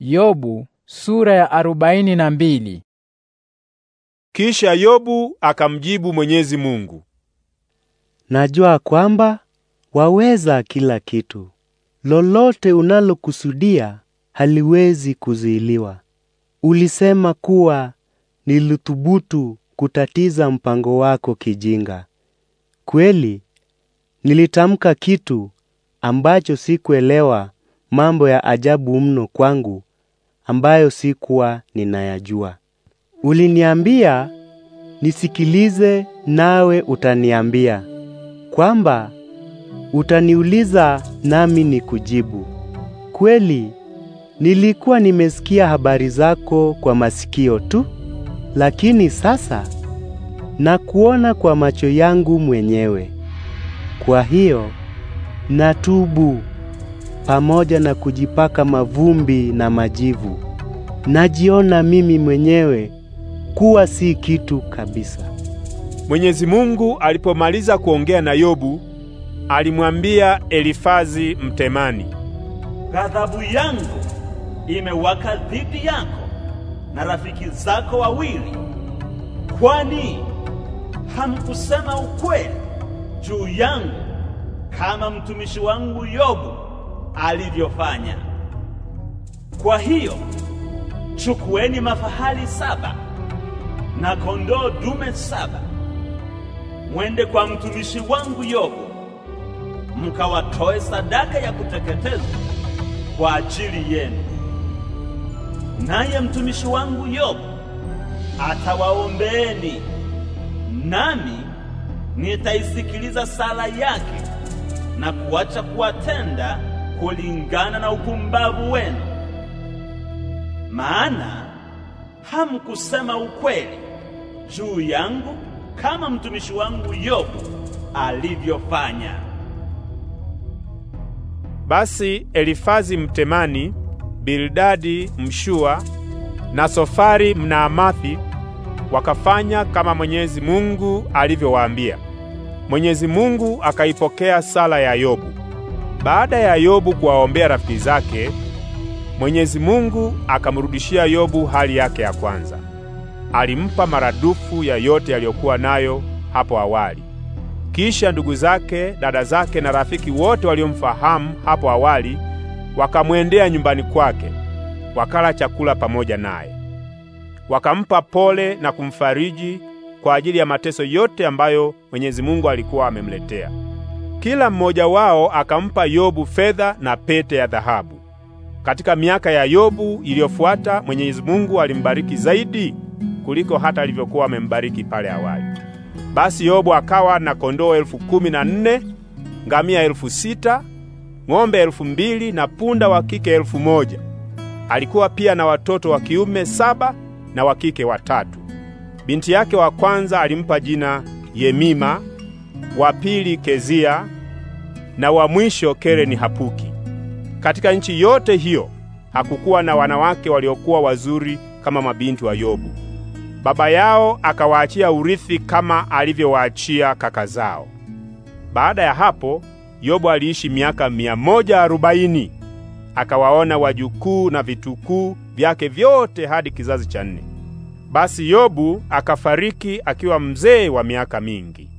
Yobu sura ya arobaini na mbili. Kisha Yobu akamjibu Mwenyezi Mungu, najua kwamba waweza kila kitu, lolote unalokusudia haliwezi kuzuiliwa. Ulisema kuwa nilithubutu kutatiza mpango wako kijinga. Kweli nilitamka kitu ambacho sikuelewa, mambo ya ajabu mno kwangu ambayo sikuwa ninayajua. Uliniambia nisikilize, nawe utaniambia kwamba utaniuliza nami nikujibu. Kweli nilikuwa nimesikia habari zako kwa masikio tu, lakini sasa nakuona kwa macho yangu mwenyewe. Kwa hiyo natubu pamoja na kujipaka mavumbi na majivu. Najiona mimi mwenyewe kuwa si kitu kabisa. Mwenyezi Mungu alipomaliza kuongea na Yobu, alimwambia Elifazi Mtemani, ghadhabu yangu imewaka dhidi yako na rafiki zako wawili, kwani hamkusema ukweli juu yangu kama mtumishi wangu Yobu alivyofanya. Kwa hiyo chukueni mafahali saba na kondoo dume saba, mwende kwa mtumishi wangu Yobu, mkawatoe sadaka ya kuteketezwa kwa ajili yenu, naye mtumishi wangu Yobu atawaombeeni, nami nitaisikiliza sala yake na kuacha kuwatenda kulingana na upumbavu wenu, maana hamkusema ukweli juu yangu kama mtumishi wangu Yobu alivyofanya. Basi Elifazi Mtemani, Bildadi Mshua na Sofari Mnaamathi wakafanya kama Mwenyezi Mungu alivyowaambia. Mwenyezi Mungu akaipokea sala ya Yobu. Baada ya Yobu kuwaombea rafiki zake, Mwenyezi Mungu akamrudishia Yobu hali yake ya kwanza. Alimpa maradufu ya yote aliyokuwa nayo hapo awali. Kisha ndugu zake, dada zake na rafiki wote waliomfahamu hapo awali wakamwendea nyumbani kwake, wakala chakula pamoja naye, wakampa pole na kumfariji kwa ajili ya mateso yote ambayo Mwenyezi Mungu alikuwa amemletea. Kila mmoja wao akampa Yobu fedha na pete ya dhahabu. Katika miaka ya Yobu iliyofuata, Mwenyezi Mungu alimbariki zaidi kuliko hata alivyokuwa amembariki pale awali. Basi Yobu akawa na kondoo elfu kumi na nne, ngamia elfu sita, ng'ombe elfu mbili na punda wa kike elfu moja. Alikuwa pia na watoto wa kiume saba na wa kike watatu. Binti yake wa kwanza alimpa jina Yemima, wa pili Kezia na wa mwisho Kereni Hapuki. Katika nchi yote hiyo hakukuwa na wanawake waliokuwa wazuri kama mabinti wa Yobu. Baba yao akawaachia urithi kama alivyowaachia kaka zao. Baada ya hapo Yobu aliishi miaka mia moja arobaini akawaona wajukuu na vitukuu vyake vyote hadi kizazi cha nne. Basi Yobu akafariki akiwa mzee wa miaka mingi.